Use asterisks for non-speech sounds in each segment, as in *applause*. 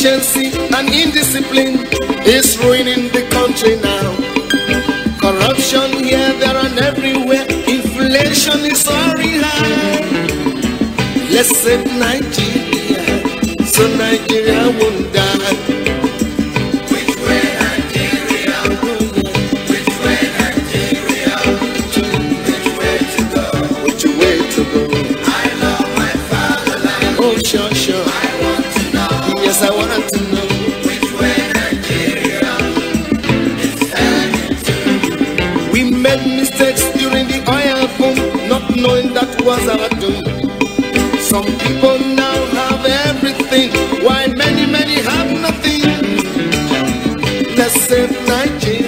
Inefficiency and indiscipline is ruining the country now. Corruption here, there, and everywhere. Inflation is very high. Let's save Nigeria so Nigeria will Some people now have everything, Why many, many have nothing. Let's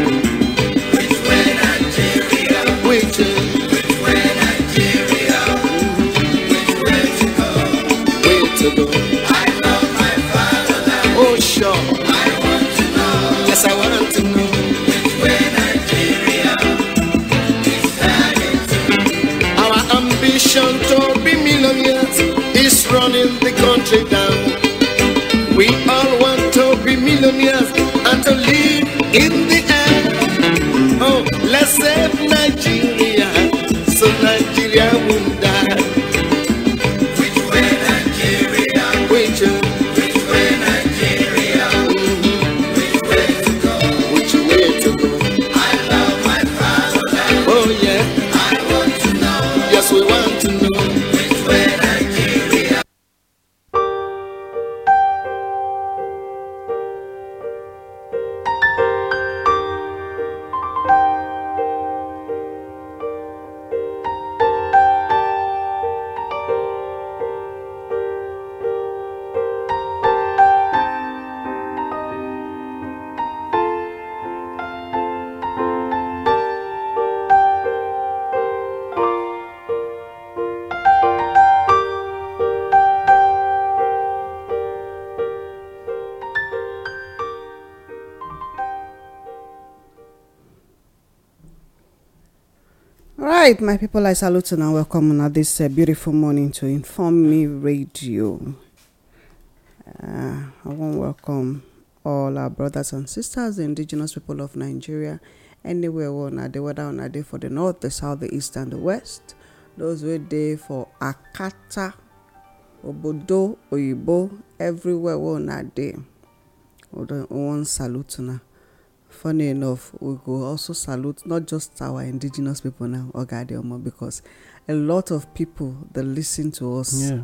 the country down. We all want to be millionaires and to live in the air. Oh, let's save Nigeria. right my people i salute and welcome on this uh, beautiful morning to inform me radio uh, i want welcome all our brothers and sisters the indigenous people of nigeria anywhere una dey whether una dey for the north the south the east and the west those wey dey for akata obodo oyibo everywhere wey una dey we want salute now. funny enough we go also salute not just our indigenous people now ogadeomo because a lot of people that listen to us yeah.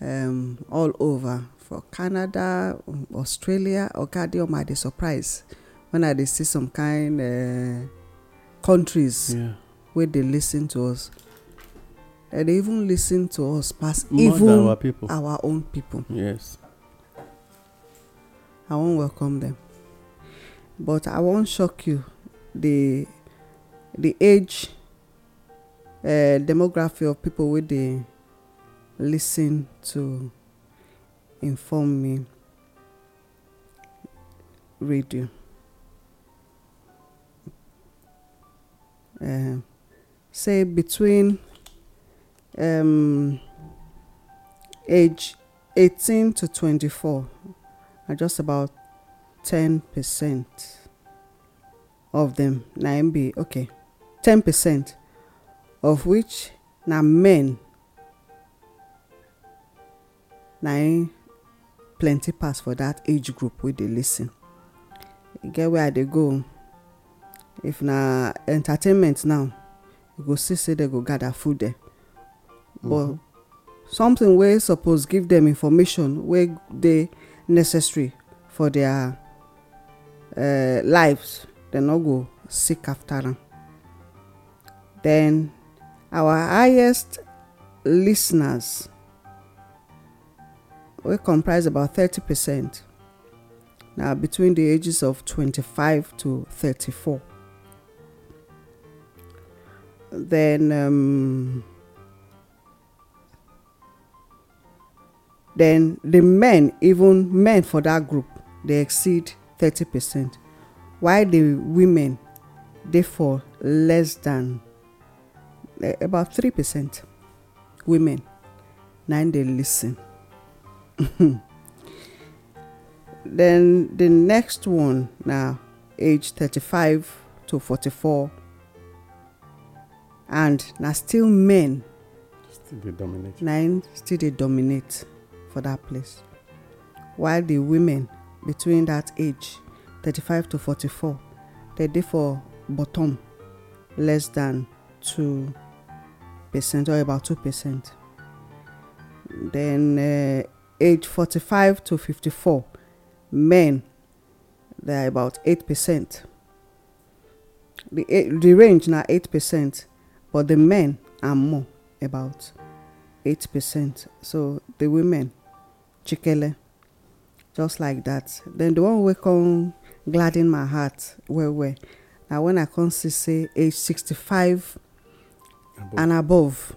um, all over for canada australia ogadeomo they surprise when i see some kind uh, countries yeah. they listen to us and even listen to us past More even our, our own people. yes i won't welcome them. but i wan shock you the the age eh, demography of people wey dey listen to inform me radio eh, say between um, age eighteen to twenty four are just about ten percent of them na im be okay ten percent of which na men na im plenty pass for that age group wey dey lis ten e get where i dey go if na entertainment now you go see say dem go gather full there but mm-hmm. something wey suppose give dem information wey dey necessary for their Eh, lives they no go seek after am Then our highest listeners wey comprise about thirty percent na between the ages of twenty-five to thirty-four. then um, then the men even men for that group they exceed thirty percent while the women dey for less than uh, about three percent women na im dey lis ten *laughs* then the next one na age thirty-five to forty-four and na still men na im still dey dominate for that place while the women between that age 35 to 44 they dey for bottom less than 2 percent or about 2 percent. Then uh, age 45 to 54 men they are about 8 percent. The, the range now 8 percent but the men are more about 8 percent. So the women chikele just like that then the one wey come gladden my heart well well na when i come see say age sixty-five and above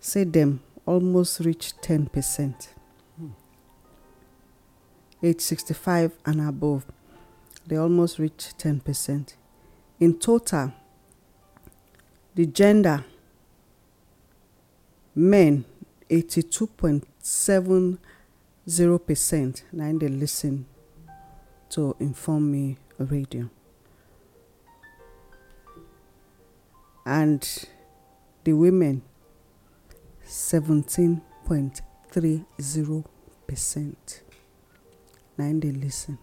say dem almost reach ten percent hmm. age sixty-five and above they almost reach ten percent in total the gender men eighty-two point seven percent zero percent na im dey lis ten to inform me radio and the women seventeen point three zero percent na im dey lis ten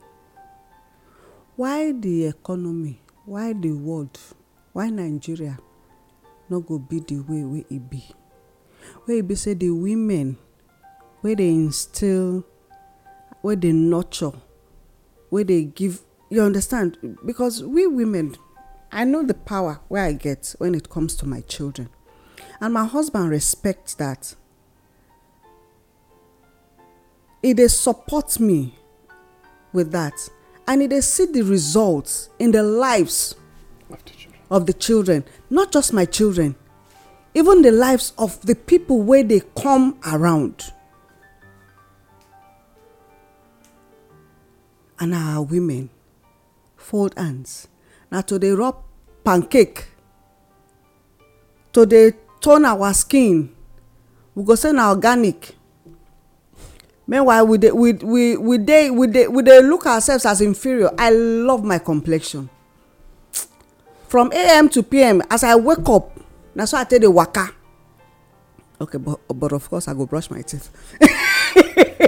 why the economy why the world why nigeria no go be the way wey e be wey e be say the women wey dey instill wey dey nurture wey dey give you understand because we women i know the power wey i get when it comes to my children and my husband respects that He dey support me with that and he dey see the results in the lives of the, of the children not just my children even the lives of the people wey dey come around and our women fold hands na to dey rub pancake to dey tone our skin we go say na organic meanwhile we dey we we we dey we dey we dey look ourselves as inferior i love my complexion from am to pm as i wake up na so i take dey waka okay but but of course i go brush my teeth *laughs*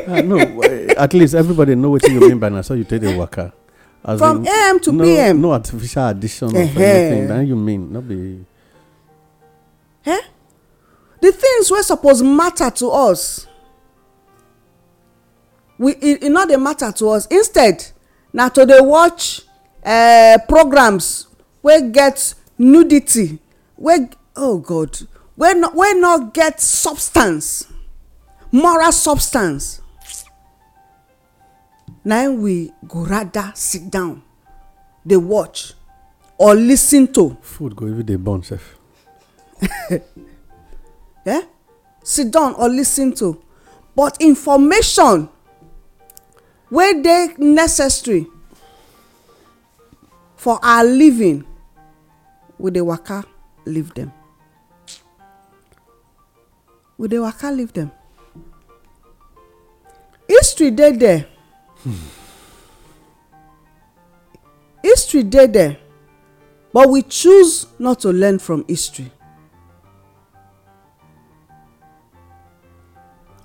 Ah, no, eh, at least everybody know what you mean by now. So you take the worker. As From in, AM to no, PM. No artificial addition of uh-huh. anything. That you mean, not be. Huh? The things were supposed matter to us. We it, e, it e not they matter to us. Instead, now to they watch uh, programs where get nudity, where oh God, where not where not get substance moral substance na im we go rather sit down dey watch or lis ten to. food go even dey burn sef. Yeah, *laughs* sit down or lis ten to but information wey dey necessary for our living we dey waka leave dem we dey waka leave dem history dey there history dey there but we choose not to learn from history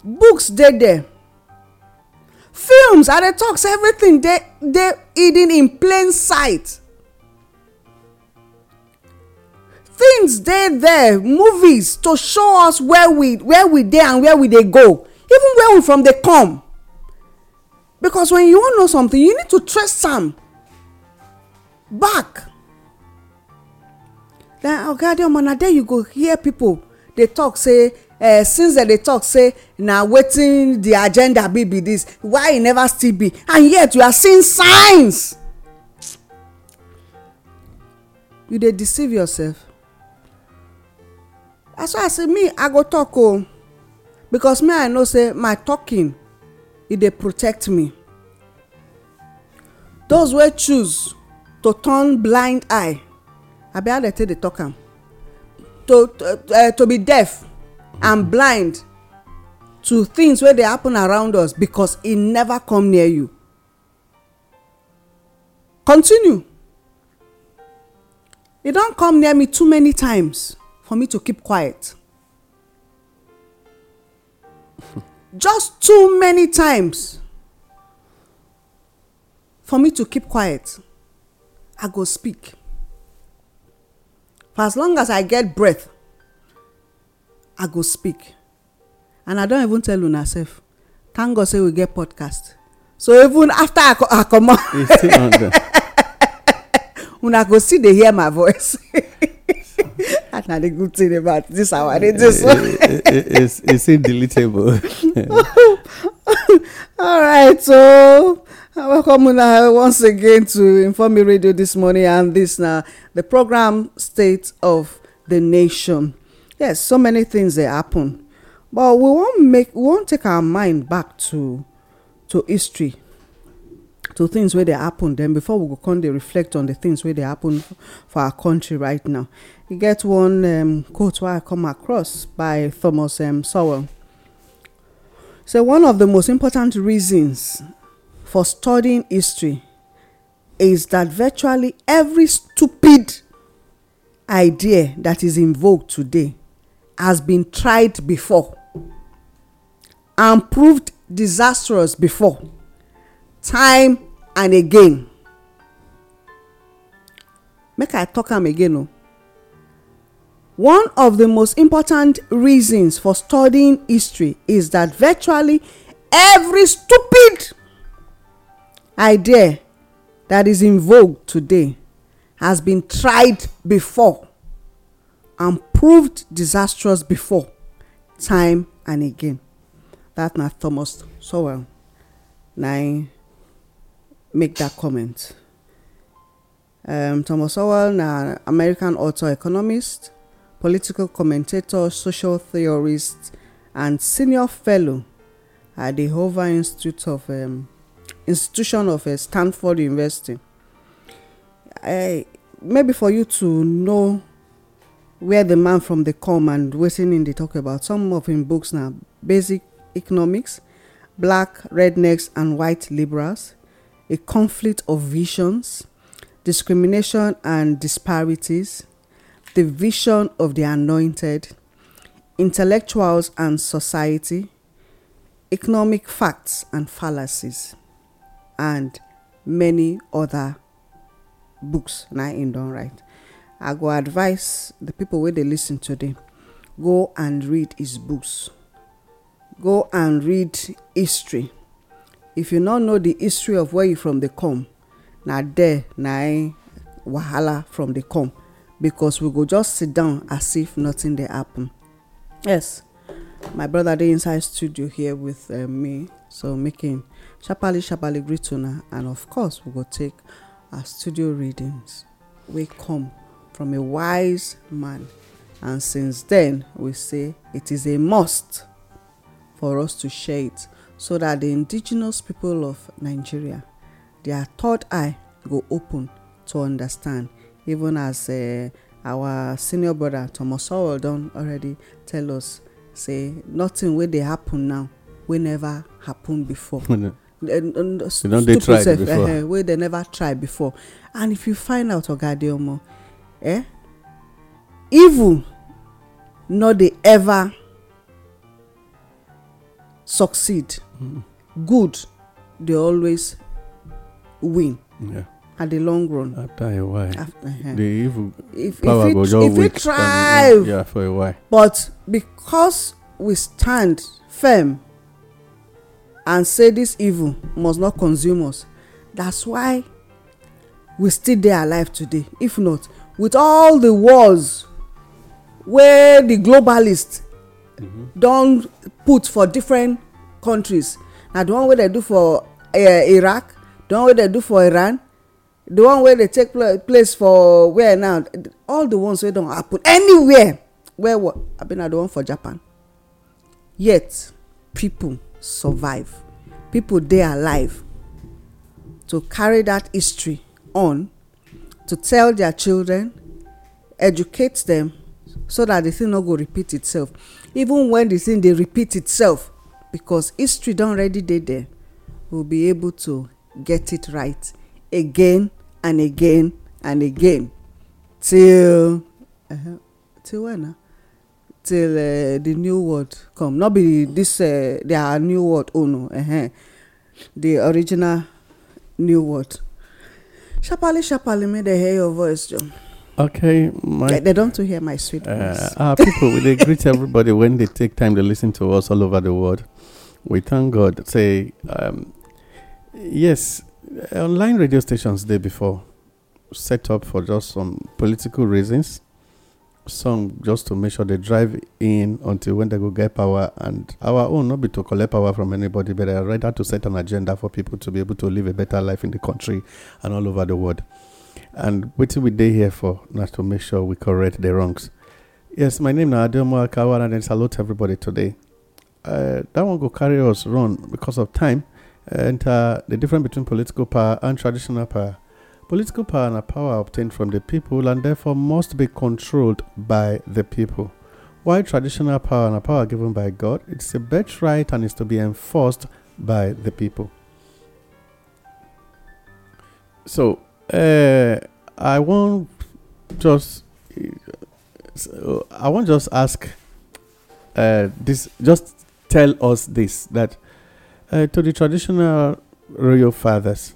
books dey there films i dey talk say everything dey hidden in plain sight things dey there movies to show us where we where we dey and where we dey go even where we from dey come because when you wan know something you need to trace am back then oga adeoma na there you go hear people dey talk say uh, since dem dey talk say na wetin di agenda be be dis why e never still be and yet you are seeing signs you dey deceive yourself as far as me i go talk o oh. because me i know say my talking e dey protect me those wey choose to turn blind eye abi how dem take dey talk am to to, uh, to be deaf and blind to things wey dey happen around us because e never come near you continue e don come near me too many times for me to keep quiet *laughs* just too many times for me to keep quiet i go speak for as long as i get breath i go speak and i don even tell una sef thank god say we get podcast so even after i, co- I comot *laughs* una go still dey hear my voice *laughs* that na the good thing about this our eh, radio so. Eh, eh, it's it's indeletable. *laughs* all right o. So welcome una once again to inform radio this morning and this now the program state of the nation yes so many things they happen but we won't make we won't take our mind back to to history to things where they happen then before we go come they reflect on the things where they happen for our country right now You e get one um, quote where i come across by thomas M. Um, sowell So one of the most important reasons for studying history is that virtually every stupid idea that is invoked today has been tried before and proved disastrous before time and again make i talk am again o oh. one of the most important reasons for studying history is that virtually every stupid idea that is in vogue today has been tried before and proved disastrous before time and again dat na thomas sowell na im make that comment um, thomas sowell na american author economist political commentator social theorist and senior fellow at the hoover institute of um, institution of eh, stanford university eh, maybe for you to know where the man from the come and in him talk about some of his books now: basic economics black rednecks and white liberals a conflict of visions discrimination and disparities the vision of the anointed intellectuals and society economic facts and fallacies and many other books na im don write i go advise the people wey dey listen today go and read his books go and read history if you no know the history of where you from dey come na there na im wahala from dey come because we go just sit down as if nothing dey happen. yes my brother dey inside studio here with eh, me so make him sharply sharply greet and of course we go take our studio readings We come from a wise man and since then we say it is a must for us to share it so that the indigenous people of nigeria their third eye go open to understand even as uh, our senior brother thomas sowell don already tell us say nothing will they happen now will never happen before *laughs* don't stupid self uh, eh, eh, wey they never try before and if you find out oga adeomo eh evil no dey ever succeed mm-hmm. good dey always win Yeah, at the long run after a while the evil power go just weak for a while. but because we stand firm and say this evil must not consume us that's why we still dey alive today if not with all the wars wey the globalists mm -hmm. don put for different countries na the one wey dem do for uh, iraq the one wey dem do for iran the one wey dey take pl place for where now all the ones wey don happen anywhere where what abi na the one for japan yet people survive people dey alive to carry that history on to tell their children educate them so that the thing no go repeat itself even when the thing dey repeat itself because history don already dey there we will be able to get it right again and again and again till uh -huh, till when na. Uh, till uh, the new world come not be this uh, their new world oh no -huh. the original new world sharparly sharparly may they hear your voice john Okay, my, they don't to hear my sweet uh, voice. Uh, people, we they greet everybody when they take time to listen to us all over the world. We thank God. Say, um, yes, online radio stations day before set up for just some political reasons, some just to make sure they drive in until when they go get power and our own not be to collect power from anybody but I rather to set an agenda for people to be able to live a better life in the country and all over the world and what we day here for not to make sure we correct the wrongs yes my name is Adeomo Akawa and I salute everybody today uh, that one go carry us run because of time enter the difference between political power and traditional power Political power and power obtained from the people and therefore must be controlled by the people. While traditional power and power given by God, it's a birthright and is to be enforced by the people. So, uh, I won't just so I won't just ask uh, this. Just tell us this that uh, to the traditional royal fathers,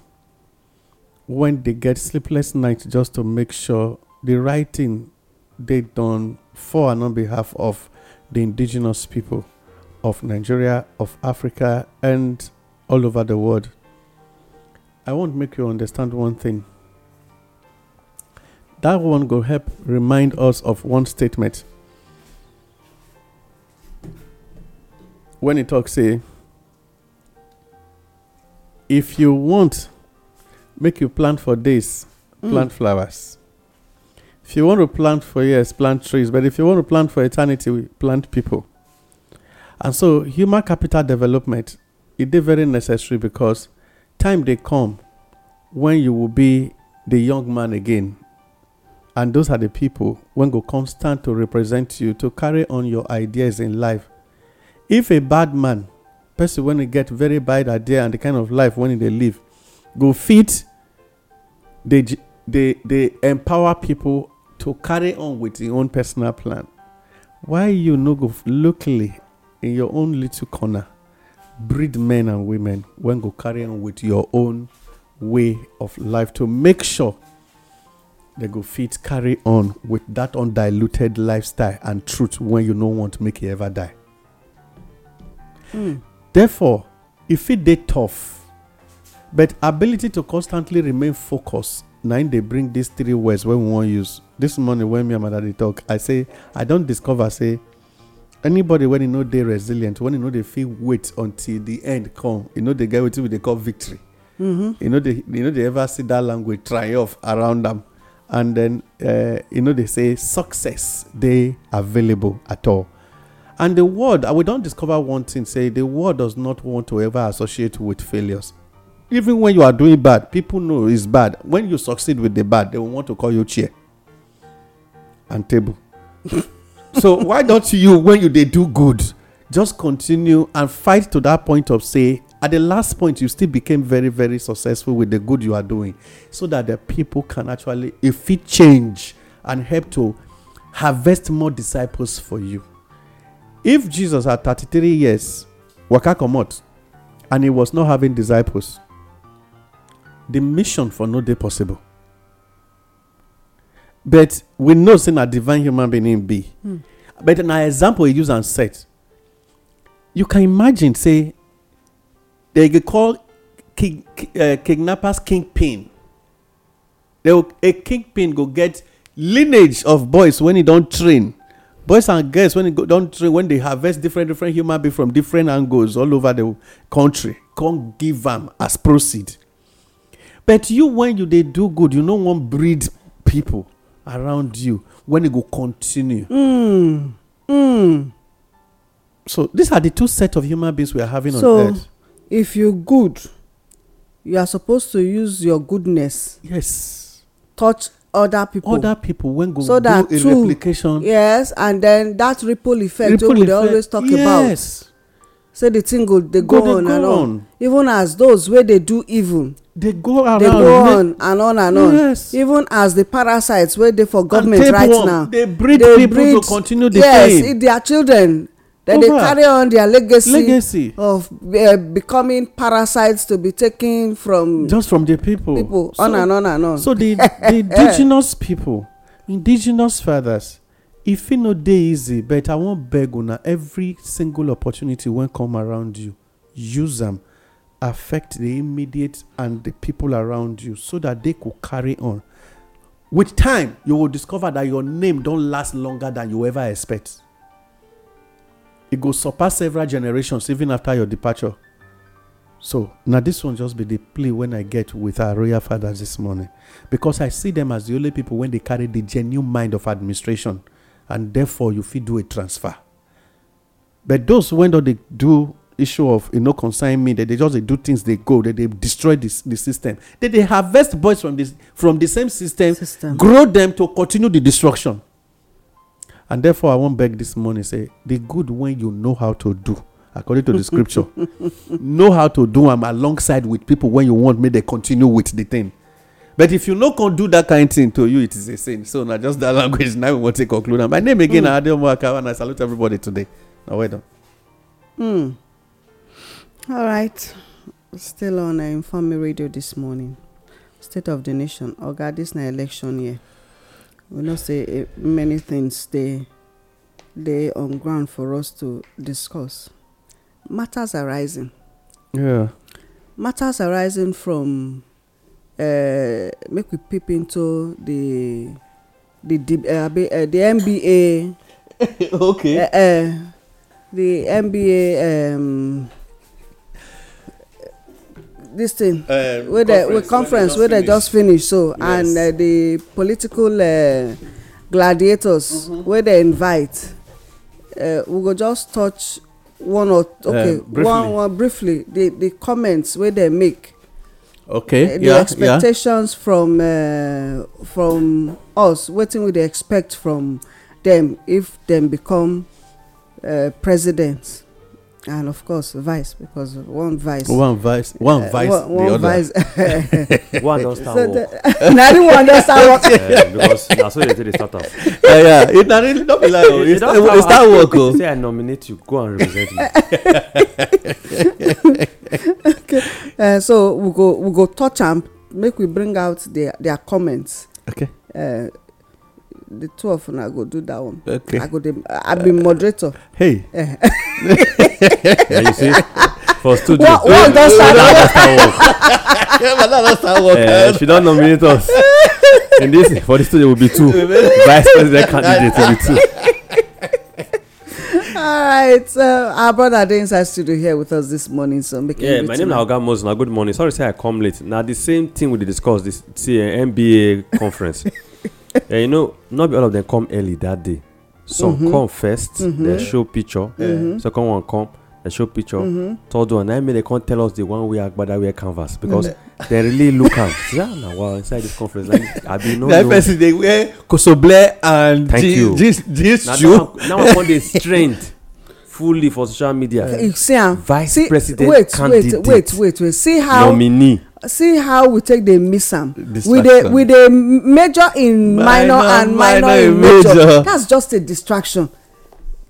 when they get sleepless nights just to make sure the writing they done for and on behalf of the indigenous people of Nigeria, of Africa, and all over the world. I want not make you understand one thing. That one will help remind us of one statement. When it talks, say, if you want make you plant for days plant mm. flowers if you want to plant for years plant trees but if you want to plant for eternity plant people and so human capital development it is very necessary because time they come when you will be the young man again and those are the people when go constant to represent you to carry on your ideas in life if a bad man person when he get very bad idea and the kind of life when they live go fit they they they empower people to carry on with their own personal plan why you no go locally in your own little corner breed men and women when go carry on with your own way of life to make sure they go fit carry on with that undiluted lifestyle and truth when you no want make you e ever die mm. therefore if e it dey tough but ability to constantly remain focused Nine, they bring these three words when we wan use this morning when me and my daddy talk i say i don't discover say anybody when you know they resilient when e know they feel wait until the end come You know the get with we they call victory mm-hmm. you know they ever see that language triumph around them, and then uh, you know they say success they available at all and the word I we don't discover one thing say the word does not want to ever associate with failures even when you are doing bad people know it's bad when you succeed with the bad they will want to call you chair and table *laughs* so why don't you when you they do good just continue and fight to that point of say at the last point you still became very very successful with the good you are doing so that the people can actually if it change and help to harvest more disciples for you if jesus had 33 years waka comot and he was not having disciples the mission for no day possible but we know sin a divine human being im be hmm. but an example he use and set you can imagine say they go call eh, kidnappers kingpin a kingpin go get lineage of boys when don't train boys and girls when don't train when they harvest different different human being from different angles all over the country come give them as proceed but you when you dey do good you no wan breed people around you when e go continue Mm. Mm. so these are the two set of human beings we are having on earth so if you good you are supposed to use your goodness yes touch other people other people when go do a replication yes and then that ripple effect wey we dey always talk about yes say the thing go dey go on and on even as those wey dey do evil dey go around dey go on and on and on yes even as the parasites wey dey for government right now dey breed people to continue the pain yes their children dem dey carry on their legacy legacy of eh, becoming parasites to be taken from just from the people people on and on and on so the *laughs* the indigenous people indigenous fathers e fit no dey easy but i wan beg una every single opportunity wey come around you use am affect the immediate and the people around you so that they could carry on. With time, you will discover that your name don't last longer than you ever expect. It will surpass several generations even after your departure. So now this one just be the plea when I get with our royal fathers this morning. Because I see them as the only people when they carry the genuine mind of administration. And therefore you feel do a transfer. But those when do they do issue of you no concern me that they just dey do things dey go that they destroy the system that dey harvest boys from this from the same system grow them to continue the destruction and therefore i wan beg this morning say the good wey you know how to do according to the scripture *laughs* know how to do am alongside with people wey you want make they continue with the thing but if you no con do that kind thing to you it is a sin so na just that *laughs* language na we wan take conclude am my name again na hmm. adeomo akawa and i salute everybody today na well done. Mm. All right, still on uh, Informe Radio this morning. State of the nation. Oh God, this na election year. We know say uh, many things They they on ground for us to discuss. Matters arising. Yeah. Matters arising from uh, make we peep into the the eh, the, uh, *laughs* the MBA. okay. Uh, uh, the MBA. Um, this thing uh, wey the conference wey they just finish so and uh, the political uh, gladiators mm-hmm. wey they invite uh, we go just touch one or okay one one briefly the the comments wey they make okay the expectations from from us wetin we dey expect from dem if dem become president and of course vice because one vice one vice uh, one vice uh, one, the one vice *laughs* one understand so work *laughs* na the one understand work uh, *laughs* because na so they say dey start am uh, yeah it na really no be lie o it oh, start, work o oh. say i nominate you go and represent me okay uh, so we go we go touch am make we bring out their their comments okay uh, the two of una go do that one okay i go dey i be moderator hey uh, yeah, you see for studio what what don star wars star wars yeah madam don star wars uh, she don nominate us in this for this studio will be two vice president candidate will be two. All right, uh, our brother dey inside studio here with us this morning, so make yeah. My name na Oga Moses. good morning. Sorry, say I come late. Now the same thing we discussed. this see, uh, MBA conference. *laughs* Yeah, you know, not all of them come early that day some mm -hmm. come first mm -hmm. they mm-hmm. show picture yeah. Mm-hmm. second one come they show picture mm-hmm. third one na me they come tell us the one wey agbada wear canvas because they really look am *laughs* yeah na wow inside this conference like abi no know *laughs* that person dey wear kosoble and jeans jeans jeans shoe na that one come dey *laughs* strange fully for social media. You eh, see, am ah, vice see, president wait, candidate wait wait wait wait see how nominee. see how we take dey miss am we dey we dey major in minor, minor and minor, minor in major. major that's just a distraction.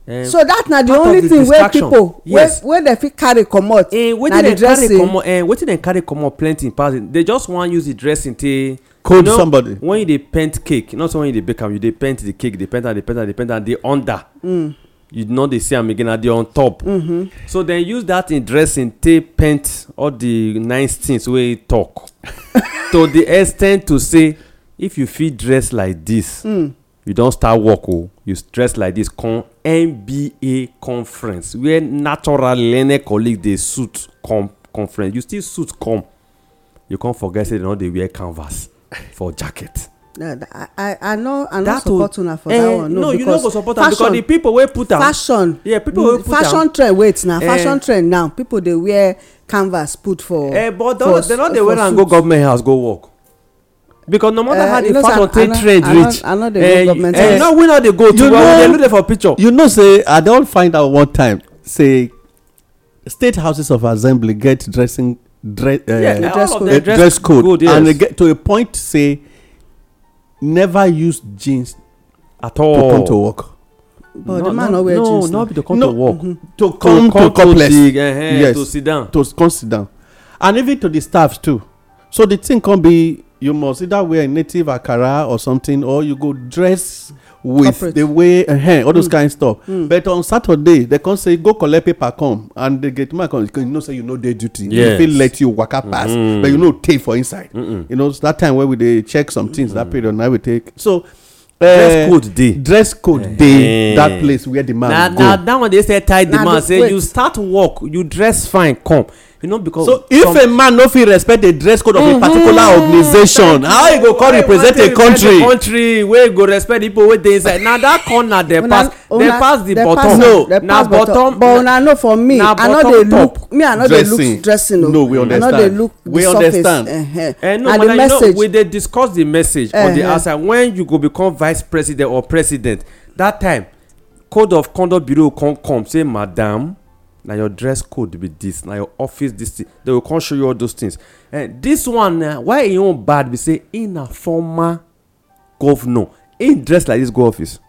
Um, so that na the only the thing wey people yes. wey wey fit carry comot uh, na the dressing. Uh, wetin dem carry comot plenty in passing. dey just wan use the dressing take. code you know, somebody. when you dey paint cake not so when you dey bake am you dey paint the cake dey paint am dey paint am dey paint am dey under. Mm you know they say I'm again na the on top mm-hmm. so dem use that in dressing take paint all the nice things wey e talk *laughs* to the extent to say if you fit dress like this mm. you don start work o you dress like this come nba conference where natural learner colleague dey suit come conference you still suit come you come forget say dem no dey wear canvas for jacket i i no i no support una for that eh, one no you no go support am because the people wey put am fashion yeah people wey mm, put am fashion trend wait na eh. fashion trend now people dey wear canvas put for eh but dem no dey wear am go government house go work because no matter eh, how the fashion take trend reach i know dey government house no we no dey go too well dey look there for picture you know say i don find out one time say state houses of assembly get dressing dress code and to a point say never use jeans at all to come to work but oh, no, the man no wear jeans no not be to come no, to work mm-hmm. to come to, come to complex to, uh, yes to sit down to come sit down and even to the staff too so the thing can be you must either wear a native akara or something or you go dress with Corporate. the way uh, eh, hey, all those mm. kind of stuff mm. but on saturday they can say go collect paper come and they get my. come you know say you no know dey duty yes. you fit let you waka pass mm. but you no know, take for inside Mm-mm. you know so that time where we they check some things Mm-mm. that period na we take so. dress eh, code day. dress code eh. day. that place where the man Now, go now that one dey say tie the man say you start work you dress fine come e no because so if a man no fit respect the dress code of a mm-hmm. particular organisation how e go come represent a country country wey go respect people wey dey inside na that corner dem pass dem pass the bottom no na bottom but una know for me i no dey look me i no dey look dressing o oh. no we understand i no dey look the surface eh no but like you know we dey discuss the message on the outside when you go become vice president or president that time code of conduct bureau come come say madam na your dress code be this na your office this thing they go come show you all those things And eh, this one eh why e own bad be say e na former governor e dress like this go office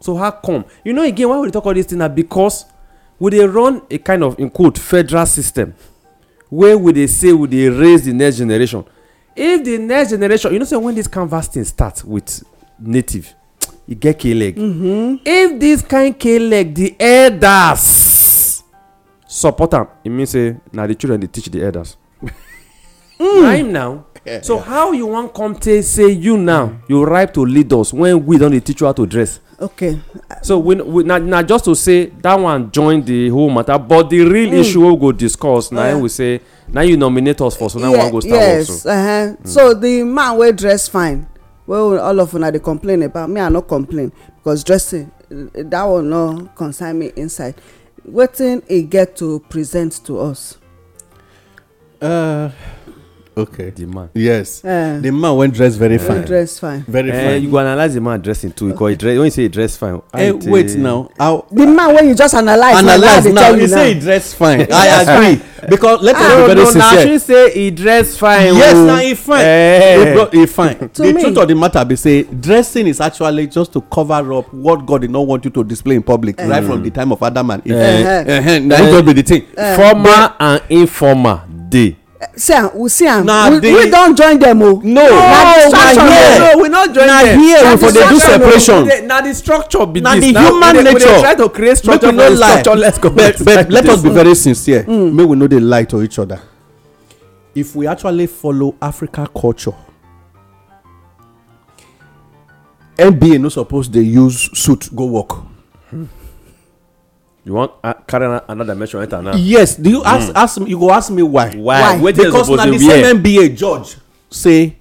so how come you know again why we dey talk all this thing na because we dey run a kind of in quote federal system wey we dey say we dey raise the next generation if the next generation you know say when this canvas thing start with native e get k leg mm -hmm. if this kind k leg the elders support am e mean say na the children dey teach the elders na *laughs* him now so how you want come to say you now you ripe to lead us when we don't teach you how to dress okay so we na just to say that one join the whole matter but the real hmm. issue wey we go discuss na we say now you nominate us for so now we wan go start also yes uh-huh. hmm. so the man wey dress fine Well, all of una they complain about me i no complain because dressing that one no concern me inside wetin e get to present to us. Uh, Okay. The man. Yes. Uh, the man went dressed very fine. Went dressed fine. Very uh, fine. You go analyze the man dressing too. Because okay. dress, when you say he dressed fine. Hey, uh, wait now. I'll, the man when you just analyze. Analyze now. You, now. say he dressed fine. I agree. Because let us ah, be very no, sincere. No, she say he dressed fine. Yes, oh. now he fine. Eh. Hey. He fine. the me. truth of the matter be say dressing is actually just to cover up what God did not want you to display in public uh, right mm. from the time of Adam and Eve. Uh, uh, uh, that uh, be the thing. Uh, Formal uh, and informal day see am we see am we we don join dem o. no na distraction no we no join dem na here we for dey do separation. na the structure be this na human nature we dey try to create structure for structureless community. but let us be very sincere mm. make we no dey lie to each other if we actually follow africa culture nba no suppose dey use suit go work. You want carry another dimension enter now? Yes. Do you ask mm. ask You go ask me why? Why? why? Because na the same NBA judge say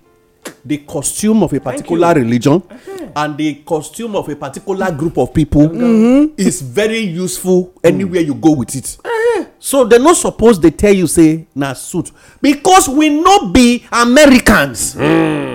the costume of a particular religion okay. and the costume of a particular group of people mm-hmm. is very useful hmm. anywhere mm. you go with it. Uh-huh. So they no suppose they tell you say na suit because we no be Americans. Mm.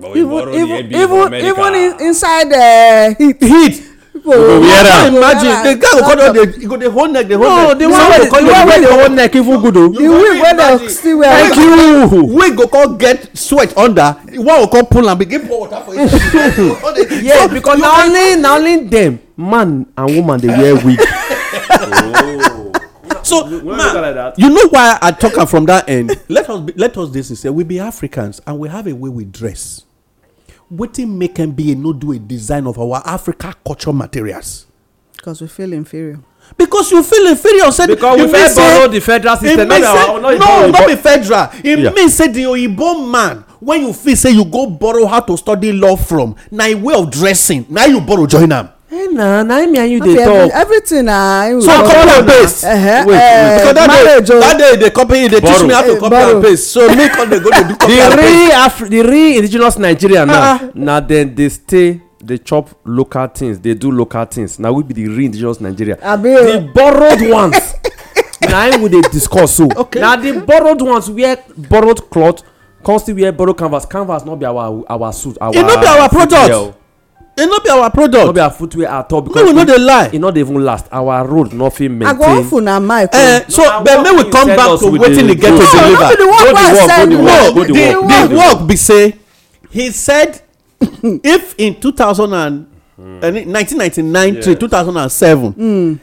But we even even even, even inside uh, heat. heat people. you wear am imagine the guy go come down dey go dey hold neck dey hold neck. no the one wey dey hold neck even good o. Oh. the wig wey dey still wear. thank you. wig go come get sweat under one go come pull am begin pour water for you. *laughs* *laughs* yes because na only na only dem man and woman dey wear wig. *laughs* Oh. so man you know why i talk am from that end let us let us dey say we be africans and we have a way we dress wetin make mba no do a design of our africa culture materials. because we feel inferior. because you feel inferior say because we fit borrow the federal system not our no no no be federal It yeah. mean say the oyibo man when you feel say you go borrow how to study law from na e way of dressing na you borrow join am na na im and you dey talk everything na im so copy and paste wait wait uh, because that day you dey copy you dey teach me how to copy and paste so me come dey go dey do copy and paste the real indigenous nigeria now na dem dey stay dey chop local things dey do local things na we be the real indigenous nigeria oh. the borrowed ones *laughs* na im we dey discuss so na the borrowed ones wear borrowed cloth come still wear borrowed canvas canvas no be our our suit our e no be our product oh e no be our product no be our footwear at all because we no dey lie e no dey even last our road eh, no fit maintain agwaofu na my eh so but make we come back to wetin e get to deliver no the work go the work no the work be say *laughs* he said if in two thousand and hmm. eh, nineteen ninety 1999 to seven. Hmm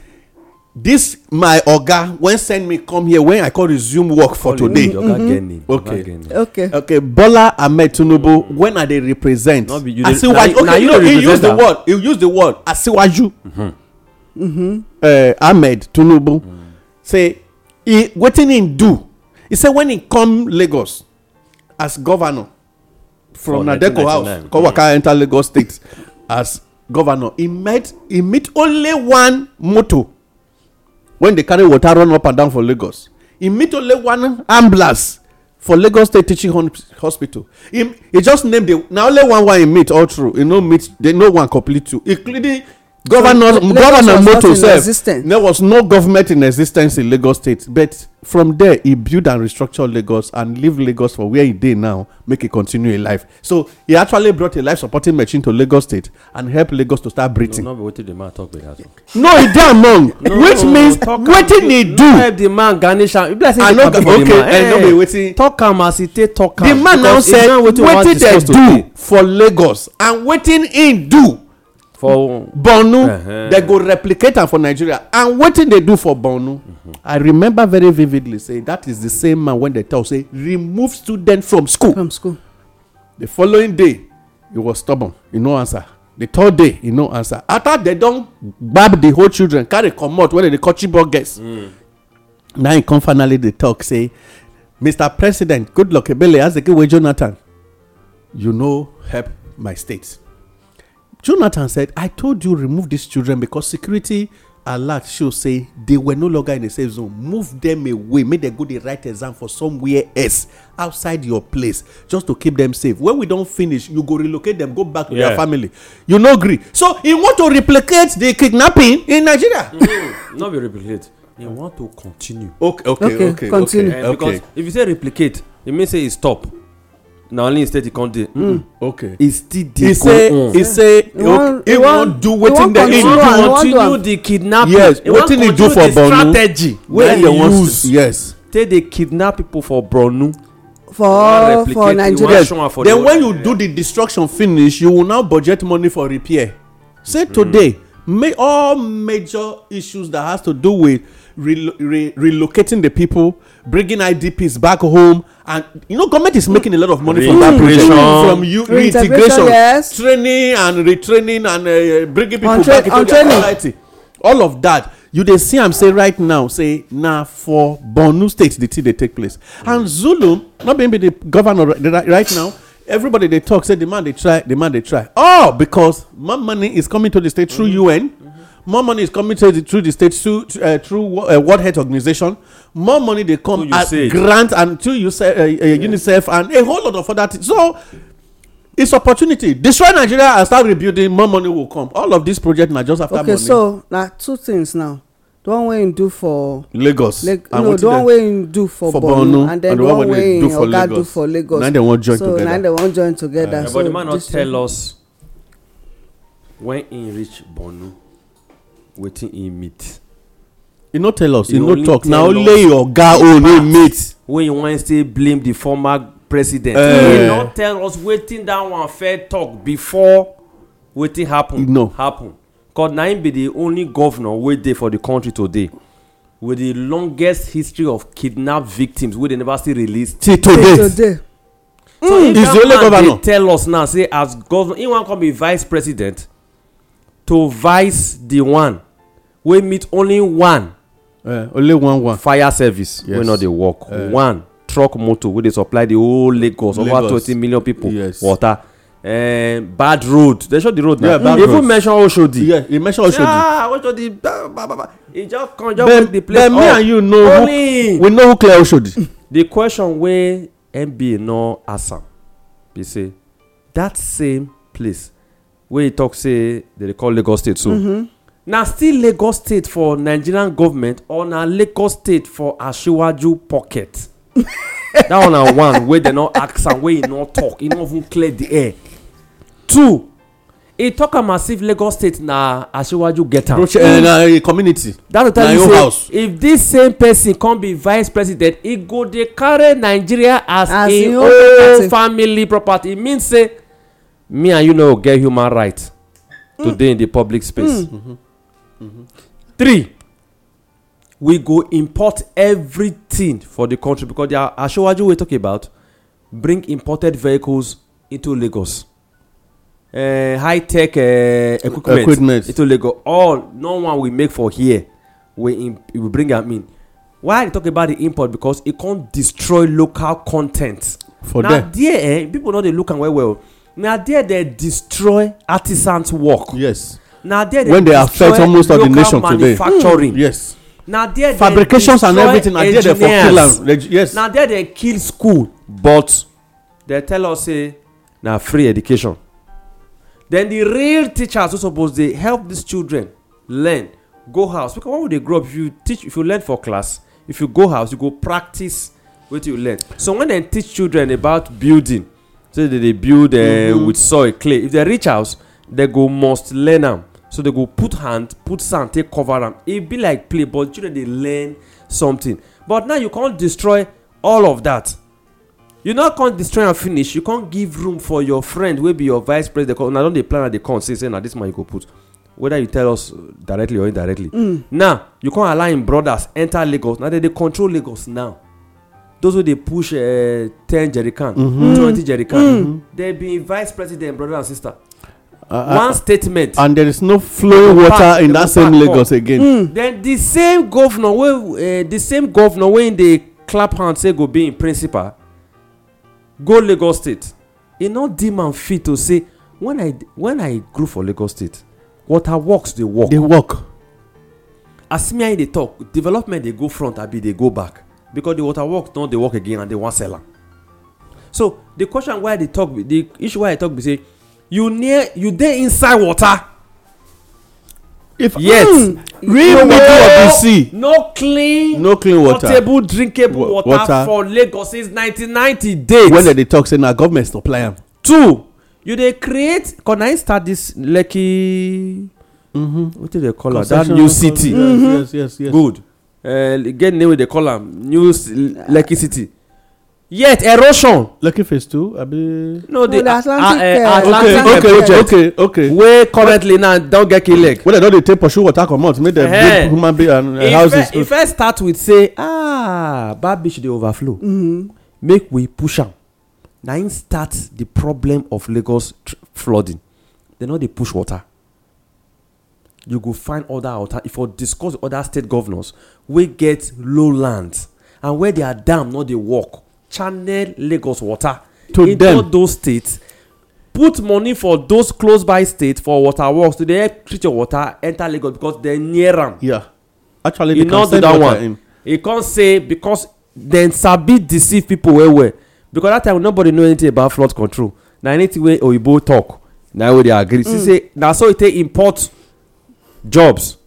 this my oga wen send me come here wen i come resume work for today mm-hmm. okay okay okay bola ahmed tinubu mm. wen i dey represent asiwaju okay no he use the word he use the word asiwaju Uh ahmed tinubu mm. say wetin im do e say wen e come lagos as governor from nadeko house come waka mm. enter lagos state as governor e meet only one motor When they carry water run up and down for lagos only one ambulance for lagos state teaching hospital e just named the now only one one e meet all through e no meet no one complete two including governor governor moto sef there was no government in existence in lagos state but from there he build and restructure lagos and leave lagos for where he dey now make e continue e life so he actually brought a life supporting machine to lagos state and help lagos to start breathing. no no be wetin the man talk be that no he dey among. no which means wetin e do. no help the man garnish am e be like say he dey happy for the man. i no eh, talk am as e take talk am. the man now say wetin dem do for lagos and wetin im do for borno uh-huh. they go replicate am for nigeria and wetin dey do for borno mm-hmm. i remember very vividly say that is the same man wey dey tell say remove student from school from school the following day he was stubborn he no answer the third day he no answer after they don gbab the whole children carry comot wey dem dey call chibok mm. now he come finally dey talk say mr president good goodluck ebele azeke wey jonathan you no help my state Jonathan said, I told you remove these children because security alert shows say they were no longer in a safe zone. Move them away. Make them go the right exam for somewhere else outside your place just to keep them safe. When we don't finish, you go relocate them, go back to yeah. their family. You no agree. So he want to replicate the kidnapping in Nigeria. Mm, *laughs* not be replicate. He want to continue. Okay, okay, okay. okay continue. Okay. Uh, because if you say replicate, it mean say he stop na only in state e come dey okay He still dey go on e say e wan do wetin dem e continue di kidnapping yes wetin he do for Strategy wey e use yes take dey kidnap people for borno for for nigeria then when you do the destruction finish you will now budget money for repair say mm. today May all major issues that has to do with re- relocating the people, bringing IDPs back home, and you know, government is making a lot of money from that project, from you, reintegration, yes. training and retraining and uh, bringing people tra- back into society. All of that, you dey see I'm saying right now say na for Borno state the thing they take place, and Zulu not being the governor right now. everybody they talk say the man they try the man they try oh, because my money is coming to the state through mm. Mm-hmm. un more money is coming to the, through the state through uh, through uh, World Health Organization. More money they come as grant and to UNICEF, uh, uh, yeah. UNICEF and a whole lot of other things. So it's opportunity. Destroy Nigeria and start rebuilding. More money will come. All of these projects now just after okay, money. Okay, so now two things now. The one way do for Lagos. Leg- and no, the one way do for, for Borno, and then the one way do for Do for Lagos. Now they won't join so together. Now they won't join together. Uh, so but the man not tell us when he reach Borno wetin e meet e no tell us e no talk na only your oga own wey meet wey you wan still blame di former president e no tell us wetin dat one fair talk before wetin happen No happen cause na im be di only governor wey dey for di country today with di longest history of kidnap victims wey dem never still release till today so hmm. if dat man dey tell us now say as governor, im wan come be vice president to vice the one wey meet only one eh, only one one fire service wey no dey work eh. one truck motor wey dey supply the whole lagos over twenty million people water eh, bad road they show the road now they even mention oshodi yeah he mention oshodi ah oshodi e just come just bring the place up me and you know who we know who clear oshodi *laughs* the question wey nba no ask am be say that same place wey e tok say dem dey call lagos state so mm-hmm. na still lagos state for nigerian government or na lagos state for asiwaju pocket *laughs* that one na one wey dem no ask am wey e no talk e no even clear the air two e talk am as if lagos state na asiwaju get am eh, na community na your house if this same person come be vice president e go dey carry nigeria as im e e own family property e mean say me and you no get human right today mm. in the public space mm. mm-hmm. Mm-hmm. three we go import everything for the country becos di asewaju wey tok about bring imported vehicles into lagos eh, high tech eh, equipment into lagos all no one we make for here we we bring am in why i talk about the import because e con destroy local content for na there eh people no dey look am well well na there they destroy artisans work yes na there they when they affect almost all the nation today manufacturing mm. yes na there fabrications they and everything na there they for kill am yes na there they kill school but they tell us say na free education then the real teachers wey suppose dey help these children learn go house because when we dey grow up if you teach if you learn for class if you go house you go practice wetin you learn so when dem teach children about building say they dey build mm-hmm. with soil clay if they reach house they go must learn am so they go put hand put sand take cover am e be like play but children dey learn something but now you con destroy all of that you no con destroy am finish you con give room for your friend wey be your vice president una don dey plan and dey con say say na this man you go put whether you tell us uh, directly or indirectly mm. now you con allow im brothers enter lagos Now they dey control lagos now those who dey push uh, ten jerrycan mm-hmm. twenty jerrycan mm-hmm. they been vice president brother and sister. Uh, uh one uh, statement. and there is no flowing water in that same lagos up. again. Mm. then the same governor wey uh, the same governor wey dey clap hand say go be im principal go lagos state e no deem am fit to say when i when i grow for lagos state water works dey work. dey work. as me and you dey talk development dey go front abi dey go back because the water works don dey work again and they wan sell am so the question why i dey talk the issue why i talk be say you near you dey inside water if yet hmm, real middle of the sea no clean no clean water potable drinkable water for lagos since 1990 days. when they dey talk say na government supply am two you dey create can i start dis lekki mm-hmm. wetin dey call am That new city mm-hmm. yes yes yes good Uh, get name wey dey call am new uh, lekki city yet erosion lekki phase two abi no the oh, atlantic uh, project okay okay wey currently now don get kill leg wey dem don dey take pursue water comot make dem uh-huh. build human being and houses e first start with say ah bad beach dey overflow mm-hmm. make we push am na im start di problem of lagos flooding dem no dey push water you go find other alter if you discuss with other state governors wey get low land and where their dam no dey work channel lagos water to into them. those states put money for those close by states for water works to dey help treat your water enter lagos because dem near am. Yeah. actually they can send water in. e come say because dem sabi deceive people well well because that time nobody know anything about flood control na anything wey oyibo talk na wey dey agree. Mm. see say na so e take import jobs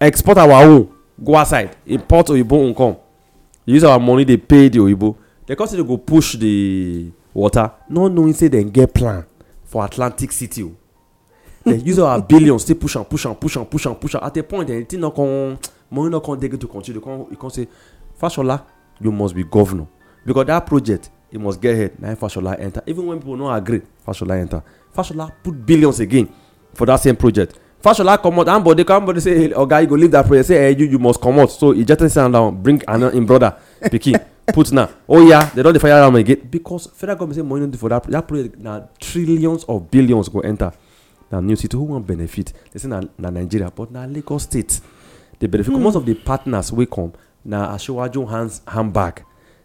export our own go outside import oyibo own come use our money dey pay the oyibo dem come say dem go push the water not knowing say dem get plan for atlantic city o oh. dem use our *laughs* billions take push am push am push am push am push am at a point dem eh, think no come money no come dey to continue come e come say fashola you must be governor because that project e must get head na fashola enter even when people no agree fashola enter fashola put billions again for that same project fashola comot ambode ambode say oga you go leave that project say eh you you must comot so he just sit down bring im brother pikin *laughs* put now oh yeah they don dey fire am again because federal government say money no dey for That project na trillions of billions go enter na new city who wan benefit dey say na nigeria but na lagos state dey benefit most hmm. of the partners wey come na asewaju hands handbag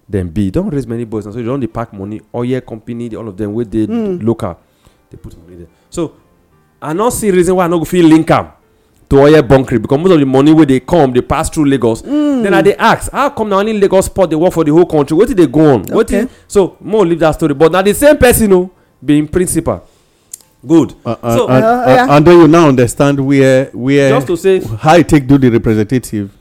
dem be don raise many boys so you don dey pack money oil company all of them wey dey hmm. local dey put money there so i no see reason why i no go fit link am to oil bunkering because most of the money wey dey come dey pass through lagos hmm. then i dey ask how come na only lagos port dey work for the whole country wetin dey go on Okay. so mo leave that story but na the same person o oh, being principal good uh, uh, so uh, and then you now understand where where just to say how e take do the representative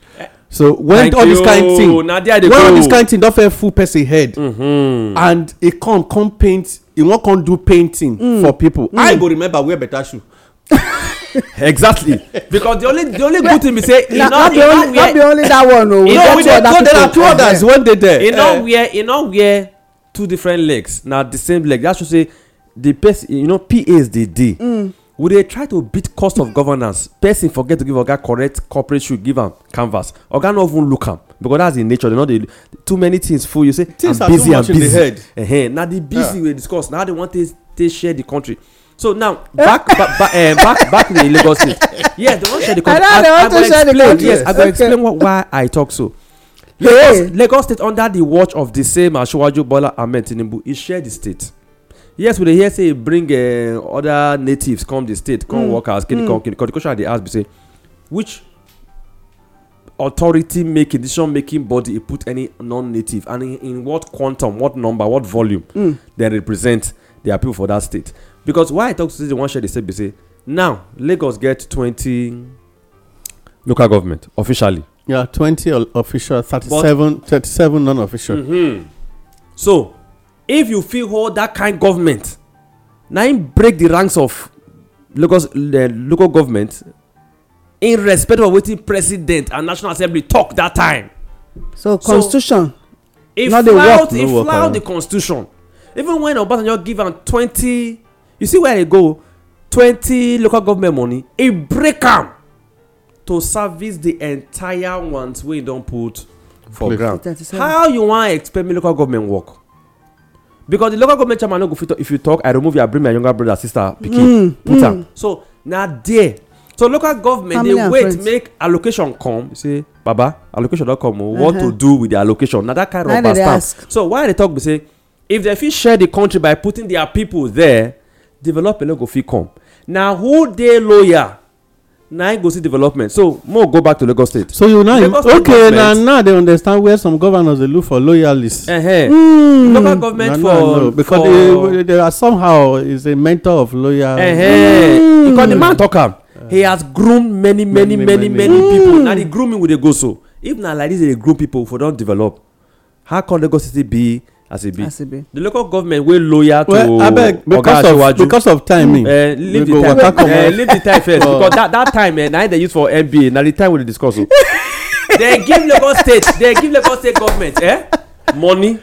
so when all this kind thing when all this kind thing don't fair full person head mm-hmm. and it e come come paint e wan come do painting mm. for people mm. i go remember wear better shoe *laughs* exactly because the only the only good thing be say e no be only not be only that one o oh, we get two other people there are two others wey dey there e no wear e no wear two different legs na the same leg that show say the person you know pas dey dey. Mm we dey try to beat cost of governance person forget to give oga correct corporate shoe give am canvas oga no even look am because that's the nature they no dey too many things full you say things i'm busy i'm busy uh -huh. na the busy yeah. we discuss na how they wan take take share the country so now back *laughs* back ba, uh, back back in lagos state yes they wan share the country i, I, I go explain yes i go okay. explain what, why i talk so lagos hey. lagos state under the watch of the same asiwaju bola ahmed tinubu e share the state yes we dey hear say e bring eh, other natives come the state come mm. work as kini mm. because the question i dey ask be say which authority making decision making body e put any non-native and in what quantum what number what volume dem mm. represent their people for that state because why i talk to say the one share dey say be say now lagos get twenty local government officially yeah twenty official thirty thirty seven seven non-official mm-hmm. so if you fit hold dat kind government na im break the ranks of eh, local government in respect of wetin president and national assembly talk that time so constitution no dey work no work flout uh, the constitution even wen obasanjo give am twenty, you see where e go twenty local government money e break am to service the entire ones wey e don put for ground how you wan expect make local government work because the local government chairman no go fit talk if you talk i remove you. I bring my younger brother sister pikin mm, put am mm. so na there so local government dey wait make allocation come you say baba allocation don come o oh. what to uh-huh. do with the allocation na that kind of bastard so why i dey talk be say if dem fit share the country by putting their people there development no go fit come na who dey loyal na go see development so more go back to lagos state so you now okay na now they understand where some governors dey look for loyalists hmm local government for because they are somehow is a mentor of loyal hmm because the man talk am he has groomed many many many many people na the hmm. grooming we dey go so if na like this dey groom people for don develop how come lagos city be as e be the local government wey loyal to oga asiwaju because of timing eh, eh, leave the time first *laughs* oh. because that that time eh, na im dey use for nba na the time we dey discuss o oh. dem *laughs* give lagos state dem give lagos state government eh money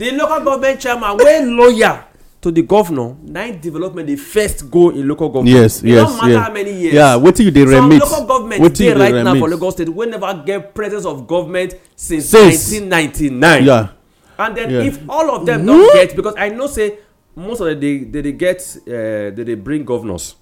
the local government chairman wey loyal to the governor nine development dey first go in local government. yes it yes yes e don matter how many years. yeah wetin you dey remit some local government dey right remit. now for lagos state wey never get presence of government since nineteen ninety nine. yeah and then yeah. if all of them mm -hmm. don get because i know say most of them dey dey dey get uh, dey dey bring governors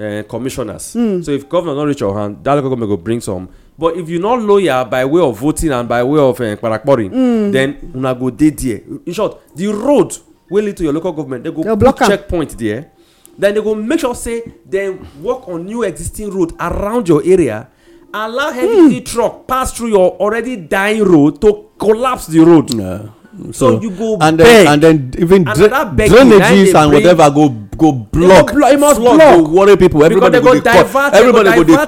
uh, commissioners. Mm. so if governor no reach your hand that local government go bring some but if you no loyal by way of voting and by way of uh, kparakpori. Mm. then una go dey there in short the road wey lead to your local government they go They'll put checkpoint there then they go make sure say dem work on new existing road around your area allow heavy mm. truck pass through your already dying road to collapse the road. Yeah. So, so you go and beg, then, and then even and dra- drainages and whatever go go block. Go blo- it must flood block. go worry people. Everybody go, go, divert, everybody go, go, go, go,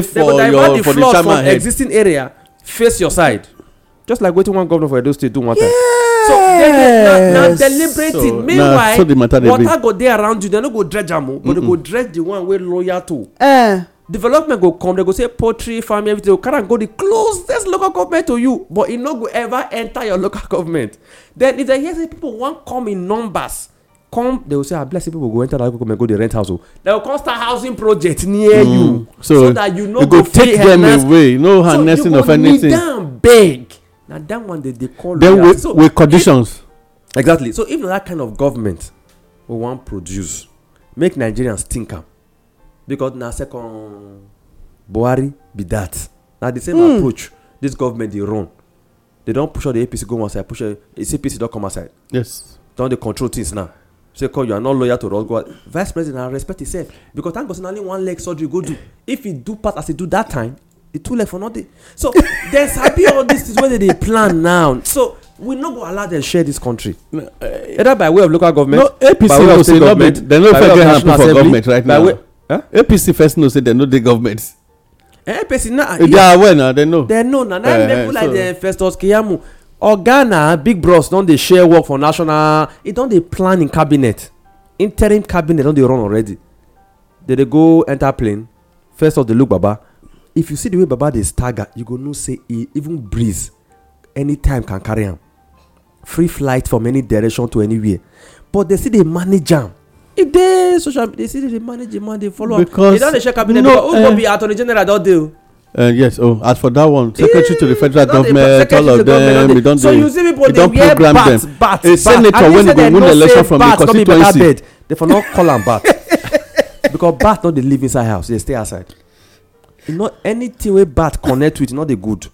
for go, go, go, go, go, go, go, go, go, go, just like wetin one governor for edo state do one time so na deliberating meanwhile water go dey around you dem no go dredge am o but dem go dredge the one wey loyal to Eh, development go come dem go say poultry farming, everything go carry am go the closest local government to you but e no go ever enter your local *laughs* government then if dem hear say people wan come in numbers come they will say ah blessed people go enter that government go dey rent house o they go come start housing project near mm. you so, so that you no go fit harness away, no harnessing of anything. so you go kneel down beg Now that one they, they call then with, so with conditions. If, exactly. So if that kind of government we want produce, make Nigerians think am because na second Buhari be that. Now the same mm. approach this government they run. They don't push out the APC go one side, push the CPC don't come outside. Yes. Don't they control things now? say call you are not loyal to us god vice president na respect yourself because thank god say na only one leg surgery go do if he do part as he do that time the two left for nothing so dem *laughs* sabi all these things wey dem dey plan now so we no go allow dem share this country eh, either by way of local government no apc no say government dem no fit get hand for government right now apc first know say dem no dey government apc *laughs* na they are aware na dem know dem know na na people like festus kiyamu oga na big bros don dey share work for national e don dey plan im cabinet interim cabinet don dey run already dey dey go enter plane first of the look baba if you see the way baba dey stagger you go know say e even breeze anytime can carry am free flight from any direction to anywhere but dey still dey manage am e dey social media dey still dey manage the man dey follow am e don dey share cabinet no, because who go eh, be attorney general don dey o. Uh, yes, oh, as for that one, secretary yeah, to the federal government, all of them, we don't so do, you see people they wear bats, them. bats, a senator when they go win election from the constituency, bed, they for not call am bat because bat no dey live inside house, they stay outside not anything wey bad connect with e not dey good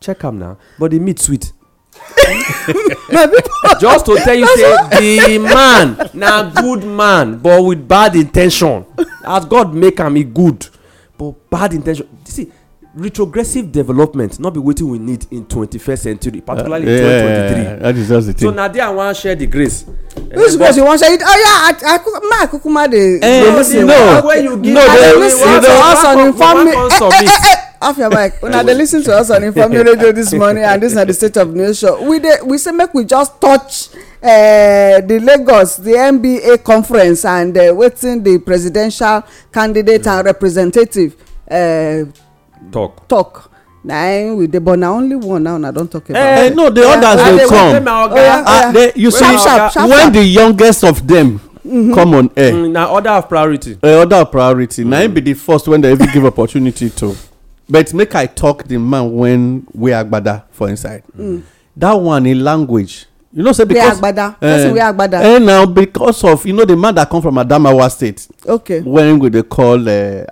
check am na but the meat sweet *laughs* *laughs* just to tell you say the man na good man but with bad intention as god make am e good but bad intention see retrogressive development no be wetin we need in twenty-first century uh, particularly in twenty twenty-three that thing so na there i wan share the grace. you suppose you wan share it Oh yeah, I, I, ma akukuma dey dey eh, lis ten no no dey lis ten to us and inform me off your mic *laughs* una dey lis ten to us on inform me radio this *laughs* morning and this na the state of nation we dey we say make we just touch uh, the lagos the nba conference and uh, wetin the presidential candidate and representative. Uh, talk talk na we dey but na only one now na don talk eh, about eh no the others dey ah, come ah, you see when the youngest of dem mm-hmm. come on air mm, na order of priority eh, order of priority na im be the first wey dem even give opportunity to but make i talk the man wen wey agbada for inside mm. that one in language you know say because wey agbada eh, person wey agbada eh now because of you know the man that come from adamawa state okay wey we dey call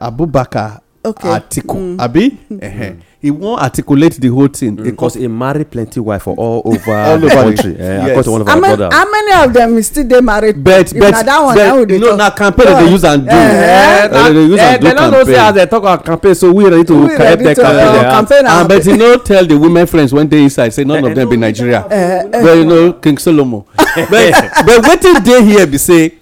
abubakar okay article mm. abi mm. he wan articulate the whole thing. Mm. because he marry plenty wife for all over *laughs* all the country uh, yes. one of how many, how many of them still dey married but if but but, you know na campaign yeah. Oh. Eh, eh, they use and do uh, uh, they use uh, do campaign they no know say as they talk about campaign so we ready to we help their uh, campaign, uh, and but you no tell the women friends when dey inside say none of them be nigeria Well, you know king solomon *laughs* but but wetin dey here be say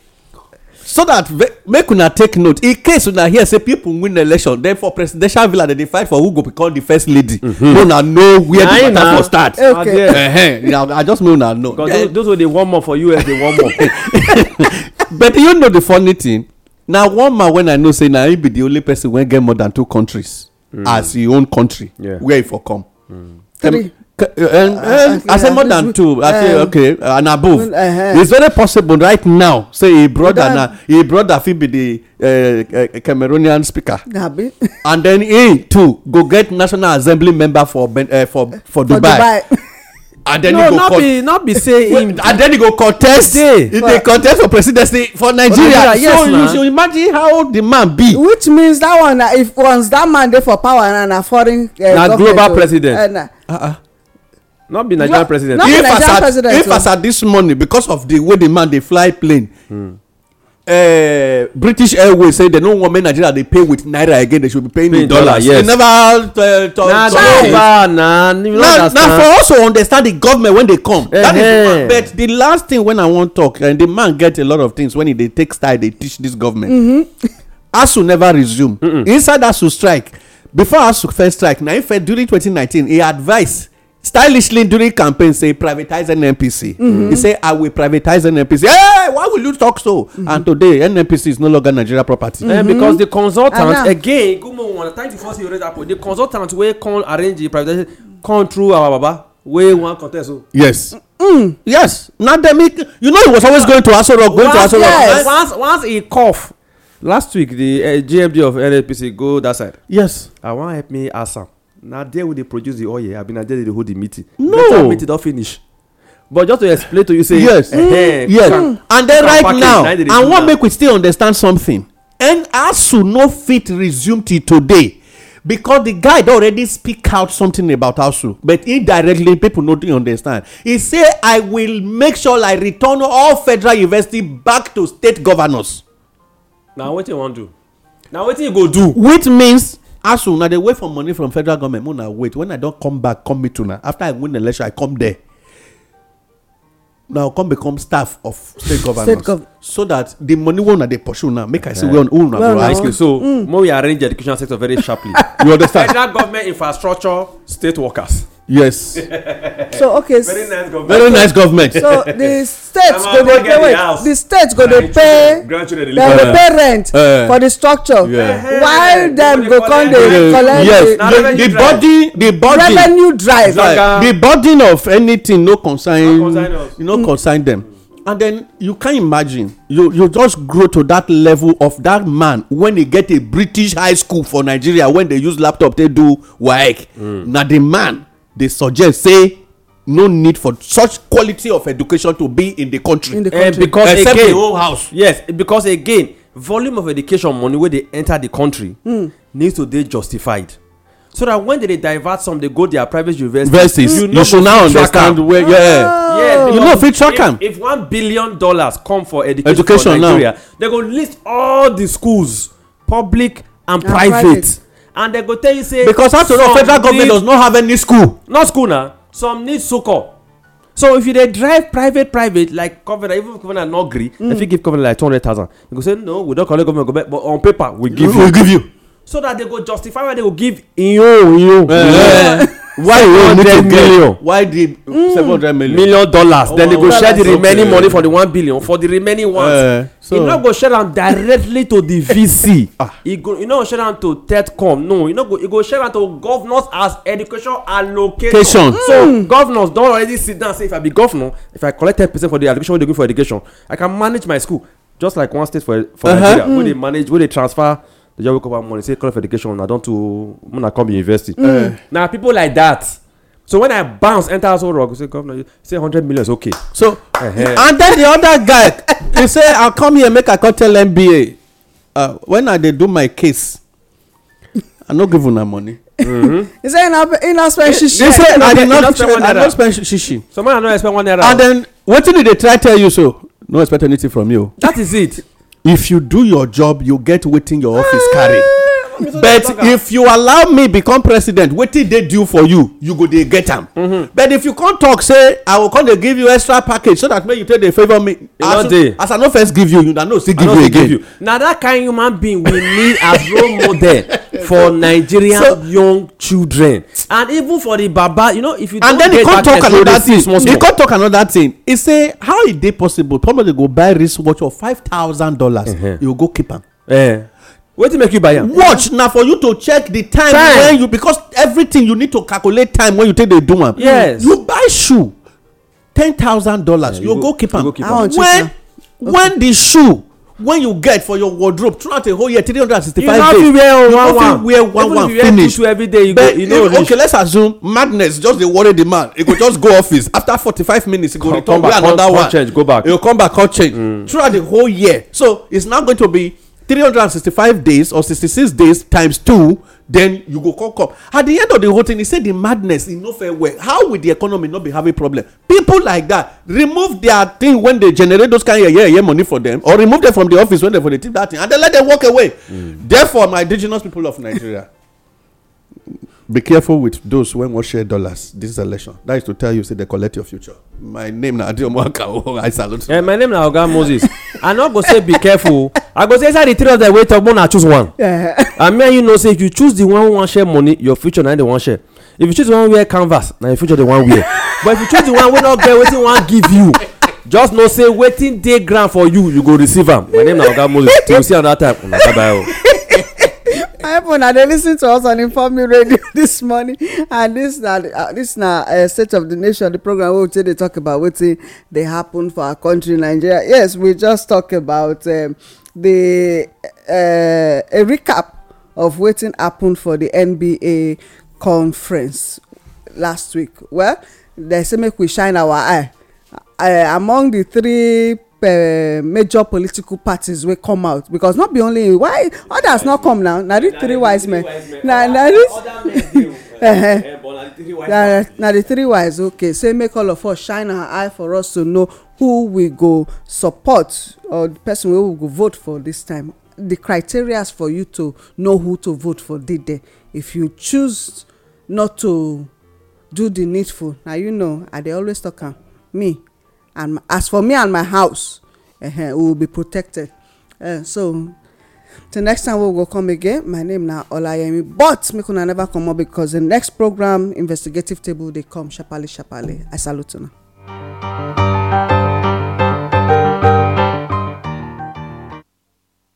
so that make una take note in case una hear say people win election then for presidential villa dem dey fight for who go become the first lady no mm-hmm. una know where the matter for start i just know una know because those wey dey warm up for us dey warm up *laughs* but you know the funny thing na one man wey i know say na him be the only person wey get more than two countries mm. as him own country where e for come mm. three Uh, and, ah, and I say more than two. I say um, okay, and above. Uh, uh, It's very possible right now. Say he brother na he brother fit be the uh, Cameroonian speaker. *laughs* And then he too go get National Assembly member for uh, for for Dubai. *laughs* and then no, he go not be not be say him and then he go contest he dey contest for presidency for nigeria, for nigeria yes, so na. you should imagine how the man be. which means that one na if once that man dey for power na na foreign. Uh, na global oh, president. Uh, na. Uh -uh not be nigerian president if oh. as at this morning because of the way the man dey fly plane uh, british airways say they no want make nigeria dey pay with naira again they should be paying in dollars yes. they never eh, talk nah, about it na na na for us to understand the government when they come uh -huh. that is but the last thing when i wan talk and the man get a lot of things when he dey take style dey teach this government mm -hmm. asu never resume mm -mm. inside asu strike before asu first strike na in fact during 2019 he advise stylishly during campaign say privatize nnpc mm-hmm. he say i will privatize nnpc hey why will you talk so mm-hmm. and today nnpc is no longer nigeria property eh, because the consultant again good morning thank you for saying you that point the consultant wey come arrange the privatization come through our baba wey wan contest o. yes mm-hmm. mm, yes na dem you know he was always going to aso rock going once, to aso rock. Yes. once once he cough last week the uh, eh, gmd of nnpc go that side. yes i wan help me ask am na there we dey produce the oil abi na there they dey hold the meeting. no later meeting don finish but just to explain to you say. yes eh, eh mm. yes can, and then right now i wan make we still understand something nsu no fit resume till today because the guy don already speak out something about asu but indirectly people no dey understand he say i will make sure i return all federal university back to state governors. na wetin you wan do na wetin you go do. which means asun na dey wait for money from federal government una wait when i don come back come meet una after i win election i come there now come become staff of state government, gov so that the money wey una dey pursue now make i see where una go ask you so mm. when we arrange the education sector very sharply *laughs* you understand federal government infrastructure state workers yes *laughs* so okay very nice government so the *laughs* state go dey pay wait the state go dey pay dem go pay rent eh. for the structure eh, eh, while dem go come dey collect yes the body the body revenue drive the burden of anything no concern no concern dem mm. and then you can imagine you you just grow to that level of that man when he get a british high school for nigeria when they use laptop take do waec mm. na the man dey suggest say no need for such quality of education to be in the country. in the eh, country uh, because except again, the whole house. yes because again volume of education money wey dey enter the country. Mm. needs to dey justified so that when they dey divert some dey go their private university. universities you, know you should now understand where yeah. Oh. yeah you know fit track am. if one billion dollars come for education, education for nigeria now. they go list all the schools public and, and private. private and dem go tell you say because after all federal government does not have any school no school na some need soko so if you dey drive private private like governor even if governor no gree dem mm. fit give governor like two hundred thousand They go say no we don collect government government but on paper we give you we give you so that they go justify why they go give in own in own. Eh. *laughs* why you need to million. why the mm, seven hundred million million dollars oh, then they go share the remaining okay. money for the one billion for the remaining ones uh, eh, so. e no go share am directly to the *laughs* vc He ah. go he no go share am to tetcom no he no go He go share am to governors as education allocation. mm. so governors don already sit down say if i be governor if i collect ten percent for the allocation wey dey go for education i can manage my school just like one state for for uh -huh. nigeria wey dey mm. manage wey dey transfer they just wake up one morning say college education na don too una come university. Mm. Eh. na people like that so when i bounce enter household rock say governor you say hundred million is okay. so uh-huh. and then the other guy *laughs* he say i come here make i come tell nba uh, when i dey do my case i no give una money. Mm-hmm. he say he no spend shishi. he say i dey not i no spend shishi. some man no expect one naira. and then wetin he dey try tell you so no expect anything from you. that is it if you do your job you get wetin your office carry but if you allow me become president wetin dey due for you you go dey get am mm-hmm. but if you come talk say i go come dey give you extra package so that make you take dey favour me e as i no first give you you na no still give you again na that kind human being we need as role model *laughs* for nigerian young children and even for the baba you know if you don get that technology small small and then he come talk another thing he say how e dey possible probably go buy wristwatch of five thousand dollars uh-huh. you go keep am eh wetin make you buy am watch na for you to check the time when you because everything you need to calculate time when you take dey do am yes you buy shoe ten thousand dollars you go keep am when when the shoe when you get for your wardrobe throughout a whole year three hundred and sixty-five days you no fit wear one one you no fit wear one one finish even if you wear two everyday you go you okay let's assume madness just dey worry the man he go just go office after forty-five minutes he go return wear another one he go come back come change go back he go come back come change throughout the whole year so it's now going to be Three hundred and sixty-five days or sixty-six days times two then you go come come at the end of the whole thing he say the madness e no fair well how will the economy not be having problem people like that remove their thing when they generate those kind yeye yeye money for them or remove them from the office when they for the tip that thing and then let them walk away mm. therefore my indigenous people of nigeria be careful with those when we share dollars this election that is to tell you say they collect your future my name na adeomo akawo *laughs* i salute you. Uh, my name na oga moses *laughs* i no go say be careful i go say inside the three of them wey talk more na choose one *laughs* and me and you know say if you choose the one wey wan share money your future na dey wan share if you choose the one wey wear canvas na your future dey wan wear but if you choose the one wey no get wetin wan give you just know say wetin dey ground for you you go receive am my name na oga moses till we see another time una bye bye o happen i dey lis ten to us on informe radio *laughs* this morning and this na uh, this na uh, state of the nation the program wey we take dey talk about wetin dey happen for our country nigeria yes we just talk about um, the uh, a recap of wetin happen for the nba conference last week well they say make we shine our eye uh, among the three major political parties wey come out because not be only why others not come now na the three wise men na na this *laughs* eh, na the three wise okay say make all of us shine our eye for us to know who we go support or the person wey we go vote for this time the criteria for you to know who to vote for dey there if you choose not to do the needful na you know i dey always talk am me and as for me and my house eh, eh, we will be protected eh, so till next time we go come again my name na olayemi but make una never come comot because the next program investigative table dey come sharparly sharparly i salute una.